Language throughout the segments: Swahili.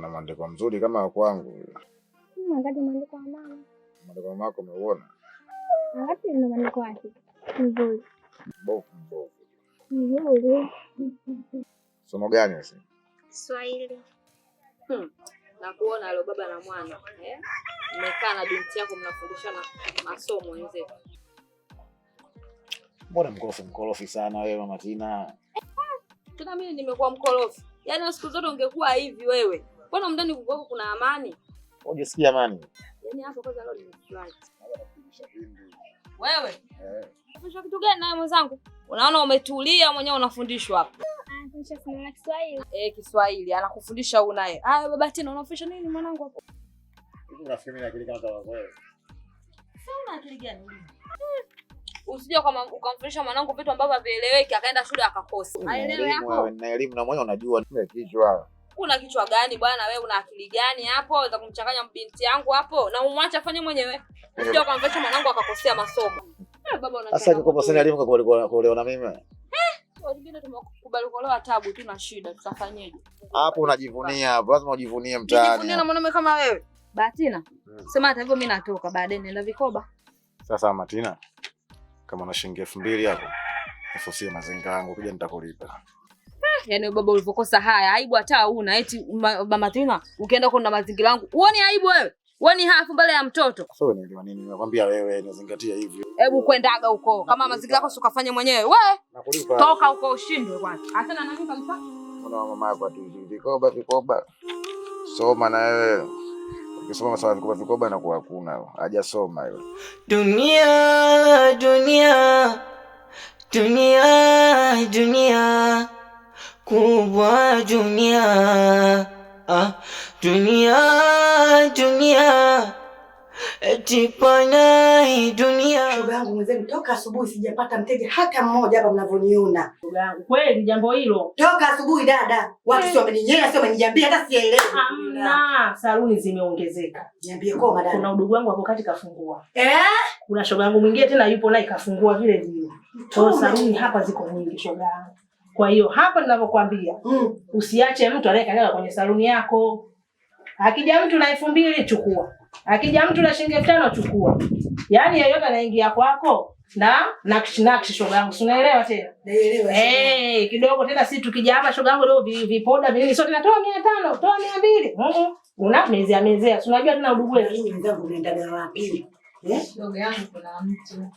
kuna mwandiko mzuri kama kwangu. Angapi mwandiko wa mama? Mwandiko wa mama umeuona? Angapi ndio mwandiko wake? Mzuri. Mbovu mbovu. Mzuri. Somo gani sasa? Kiswahili. Hmm. Na kuona leo baba na mwana, eh? Mmekaa na binti yako mnafundishana masomo wenzetu. Mbona mkorofi mkorofi sana wewe Mama Tina? Eh, Tuna mimi nimekuwa mkorofi. Yaani siku zote ungekuwa hivi wewe. Mbona ndani kwako kuna amani? Unajisikia amani? Yaani hapo kwanza leo nimefurahi. Wewe? Eh. Unafundishwa kitu gani naye mwenzangu? Unaona umetulia mwenyewe unafundishwa hapa. Ah, anafundisha sana Kiswahili. Eh, Kiswahili anakufundisha huyu naye. Ah, baba tena unafundisha nini mwanangu hapo? Hivi unafikiri mimi akili kama kama wewe? Sasa akili gani? Hmm. Usije ukamfundisha mwanangu vitu ambavyo havieleweki akaenda shule akakosa. Aelewe hapo. Na elimu na mwenye unajua kichwa una kichwa gani bwana wewe, una akili gani hapo? Waweza kumchanganya binti yangu hapo na umwache afanye mwenyewe, Ndio sio kumvesha mwanangu akakosea masomo. Ah, sasa kukosea elimu kwa kuolewa na mimi eh, wengine tumekubali kuolewa tabu tu na shida, tutafanyaje hapo? Unajivunia hapo, lazima ujivunie mtaani. Unajivunia na mwanamume kama wewe Batina. Hmm. Sema hata hivyo, mimi natoka baadaye, nenda vikoba sasa. Matina, kama una shilingi elfu mbili hapo, ususie mazinga yangu, kija nitakulipa. Yaani baba ulivyokosa haya, aibu hata una Eti mama Tina ukienda na mazingira yangu. Uone aibu wewe. Uone hapo mbele ya mtoto. Sasa wewe unaelewa nini? Nimekwambia wewe nazingatia hivyo. Hebu kwendaga huko. Kama mazingira yako si ukafanye mwenyewe. Wewe. Toka huko ushindwe kwanza. Hata na nani kabisa? Kuna mama yako tu hivi vikoba vikoba. Soma na wewe. Ukisoma sawa vikoba vikoba na kuwa hakuna. Hajasoma yule. Dunia dunia dunia dunia kubwa dunia, ah, dunia dunia, eti pana hii dunia. Shoga yangu mwenzenu, toka asubuhi sijapata mteja hata mmoja hapa mnavyoniona. Shoga kweli, jambo hilo toka asubuhi dada, watu sio wameninyea, sio wameniambia, hata sielewi. Hamna, saluni zimeongezeka. Niambie kwa madada, kuna udugu wangu hapo kati kafungua, eh, kuna shoga yangu mwingine tena yupo naye kafungua vile vile. Kwa saluni hapa ziko nyingi shoga yangu kwa hiyo hapa ninavyokuambia, mm. usiache mtu anayekanyaga kwenye saluni yako. Akija mtu na elfu mbili chukua, akija mtu na shilingi elfu tano chukua. Yaani yeyote anaingia kwako na nakshi nakshi, shoga yangu, si unaelewa tena? Naelewa. Eh, kidogo tena si tukija hapa shoga yangu leo vipoda vinini sote natoa 500, toa 200. Mhm. Una mezea mezea. Si unajua tena udugule. Mimi ndio ndio wapi? Eh? Shoga yangu kuna mtu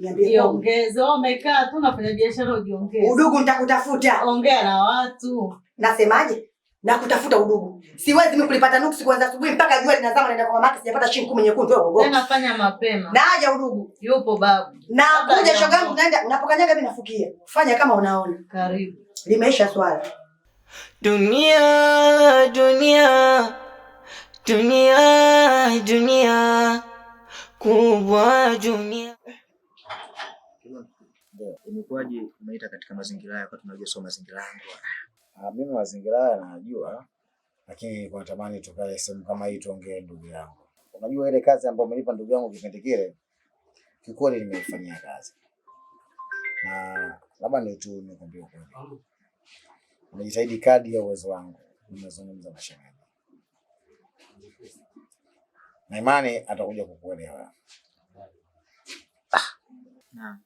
Jiongeze, umekaa tu nafanya biashara, ujiongeze. Udugu nitakutafuta. Ongea na watu. Nasemaje? Nakutafuta udugu. Siwezi mimi kulipata nuksi kwanza asubuhi mpaka jua linazama naenda kwa mamake sijapata shilingi 10 nyekundu wewe uogope. Tena fanya mapema. Naaja udugu. Yupo babu. Na kuja shogangu naenda unapokanyaga mimi nafukia. Fanya kama unaona. Karibu. Limeisha swala. Dunia, dunia. Dunia, dunia. Kubwa dunia. Imekuwaje umeita katika mazingira yako? Tunajua sio mazingira yangu. Ah, mimi mazingira haya najua, lakini kwa natamani tukae sehemu kama hii tuongee, ndugu yangu. Unajua ile kazi ambayo umenipa ndugu yangu kipindi kile, kikweli nimeifanyia kazi, na labda ni tu nikwambie ukweli, nimejitahidi kadi ya uwezo wangu, nimezungumza na shemeji na imani atakuja kukuelewa. Ah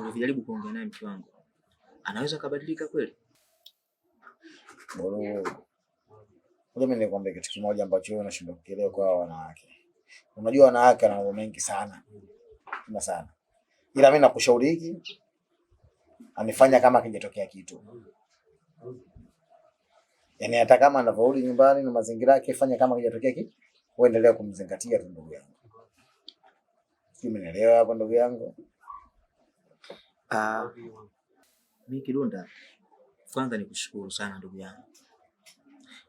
ulivyojaribu kuongea naye mke wangu anaweza kabadilika kweli? Mimi nikwambia kitu kimoja ambacho wewe unashindwa kukielewa kwa wanawake. Unajua wanawake wana mambo mengi sana na sana, ila mimi nakushauri hiki anifanya kama kijatokea kitu, yaani hata kama anavyouli nyumbani na mazingira yake, fanya kama kijatokea kitu, uendelea kumzingatia tu ndugu yangu. Umeelewa hapo ndugu yangu? Uh, ah, mi Kidunda, kwanza ni kushukuru sana ndugu yangu,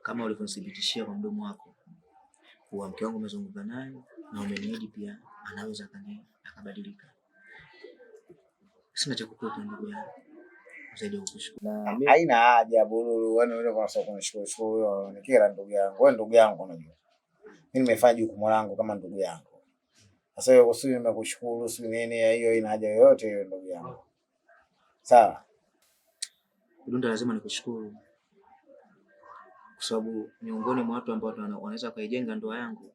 kama ulivyonithibitishia kwa mdomo wako kuwa mke wangu umezungumza naye na umeniahidi pia anaweza kani akabadilika. Sina cha kukupa ndugu yangu zaidi ya kukushukuru. Haina haja bululu, wewe kunishukuru shukuru huyo ni kila ndugu yangu, wewe ndugu yangu, unajua mimi nimefanya jukumu langu kama ndugu yangu. Sasa wewe usini nimekushukuru, si nini hiyo, ina haja yoyote hiyo ndugu yangu. Sawa. Kidunda, lazima nikushukuru kwa sababu miongoni mwa watu ambao wanaweza kuijenga ndoa yangu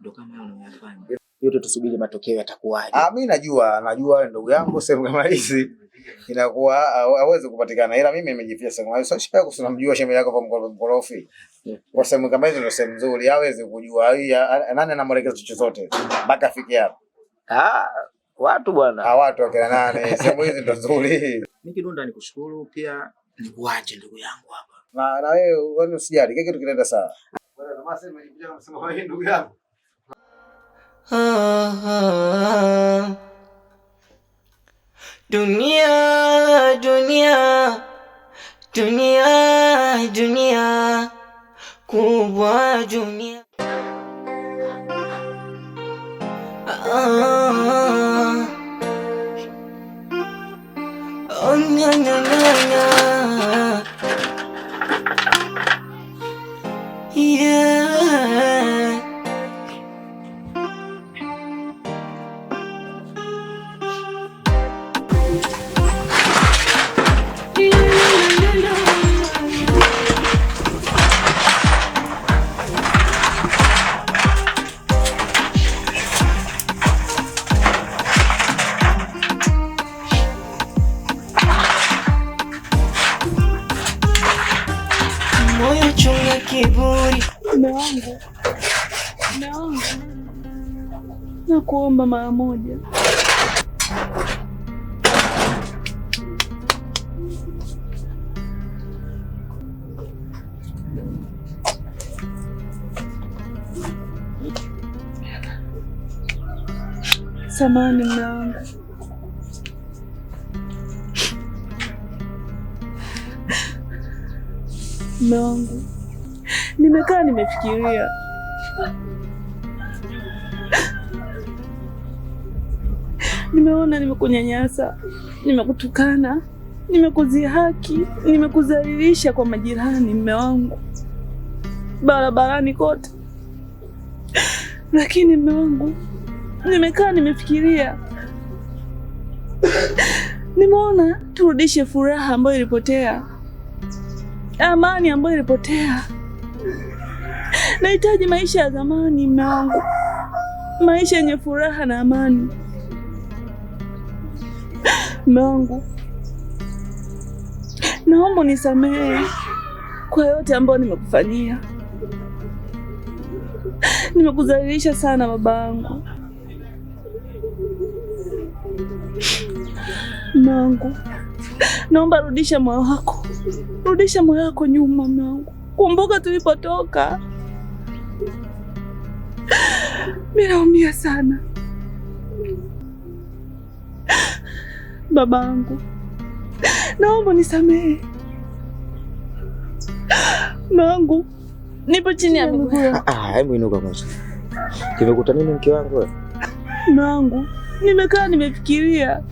ndo kama wewe unayofanya. Yote tusubiri matokeo yatakuwaje. Ah, mimi najua, najua wewe ndugu yangu sehemu kama hizi inakuwa hawezi kupatikana. Ila mimi nimejifia sehemu hiyo. Sasa shaka usinamjua shemeji yako kwa mkorofi. Kwa sehemu kama hizi ndio sehemu nzuri. Hawezi kujua Hii nani anamwelekeza chochote mpaka afike hapo. Ah, watu bwana ah, watu wakina nani? sehemu hizi ndo nzuri. Mikidunda, nikushukuru pia nikuache ndugu yangu hapa na na wewe, wewe usijali, kile kitu kinaenda sawa. Ndugu yangu dunia dunia dunia dunia kubwa dunia Ah, ah, ah. nya nya nya nya kiburi. Mume wangu, mume wangu, nakuomba mara moja Samani mlango, mume wangu Nimekaa nimefikiria, nimeona nimekunyanyasa, nimekutukana, nimekudhihaki, nimekudhalilisha kwa majirani, mme wangu, barabarani kote. Lakini mme wangu, nimekaa nimefikiria, nimeona turudishe furaha ambayo ilipotea, amani ambayo ilipotea Nahitaji maisha ya zamani, mume wangu, maisha yenye furaha na amani. Mume wangu, naomba nisamehe kwa yote ambayo nimekufanyia. Nimekudhalilisha sana baba yangu. Mume wangu, naomba rudisha moyo wako, rudisha moyo wako nyuma, mume wangu kumbuka tulipotoka. Mimi naumia sana babangu, naomba nisamehe mangu, nipo chini ya miguu. Ah, ah, hebu inuka kwanza. Kimekuta nini mke wangu Mangu, nimekaa nimefikiria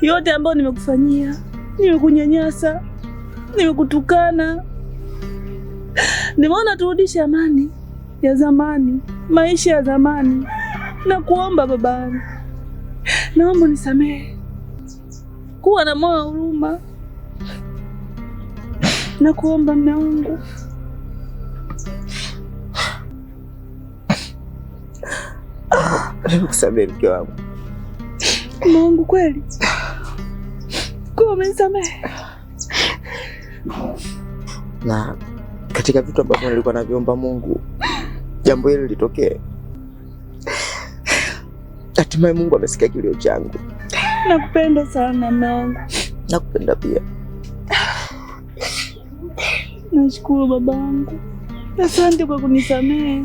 yote ambayo nimekufanyia, nimekunyanyasa nimekutukana. Nimeona turudishe amani ya zamani, maisha ya zamani. Nakuomba babani, naomba nisamehe kuwa na moyo wa huruma. Nakuomba mume wangu. Nimekusamehe mke wangu. Mume wangu kweli, kuwa umenisamehe na katika vitu ambavyo nilikuwa naviomba Mungu, jambo hili litokee. Hatimaye Mungu amesikia kilio changu. Nakupenda sana mama. Nakupenda pia. Nashukuru babangu, asante kwa kunisamehe.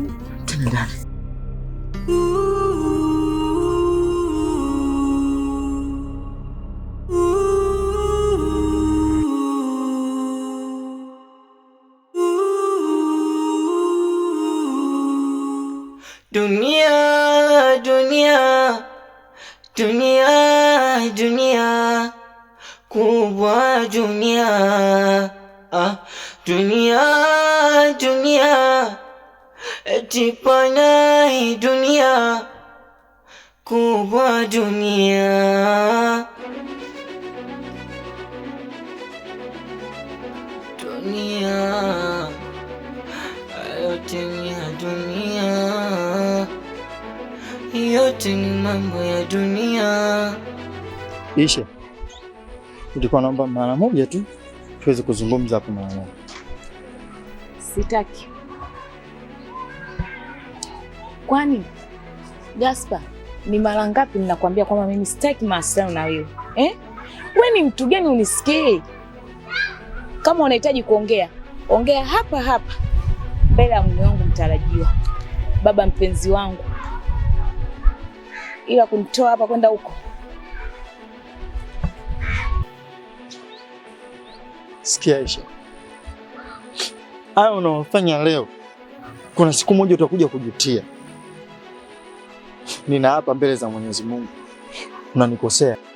katika nai dunia kubwa dunia dunia yote ni ya dunia, yote ni mambo ya dunia. ishe ulikuwa naomba mara moja tu tuweze kuzungumza hapo. Mara moja sitaki Kwani Gaspar, ni mara ngapi ninakwambia kwamba mimi sitaki mawasiliano na wewe eh? We ni mtu gani unisikii? Kama unahitaji kuongea ongea hapa hapa mbele ya mume wangu mtarajiwa, baba mpenzi wangu, ila kunitoa hapa kwenda huko Sikia Aisha, hayo unaofanya leo, kuna siku moja utakuja kujutia nina hapa mbele za Mwenyezi Mungu, unanikosea.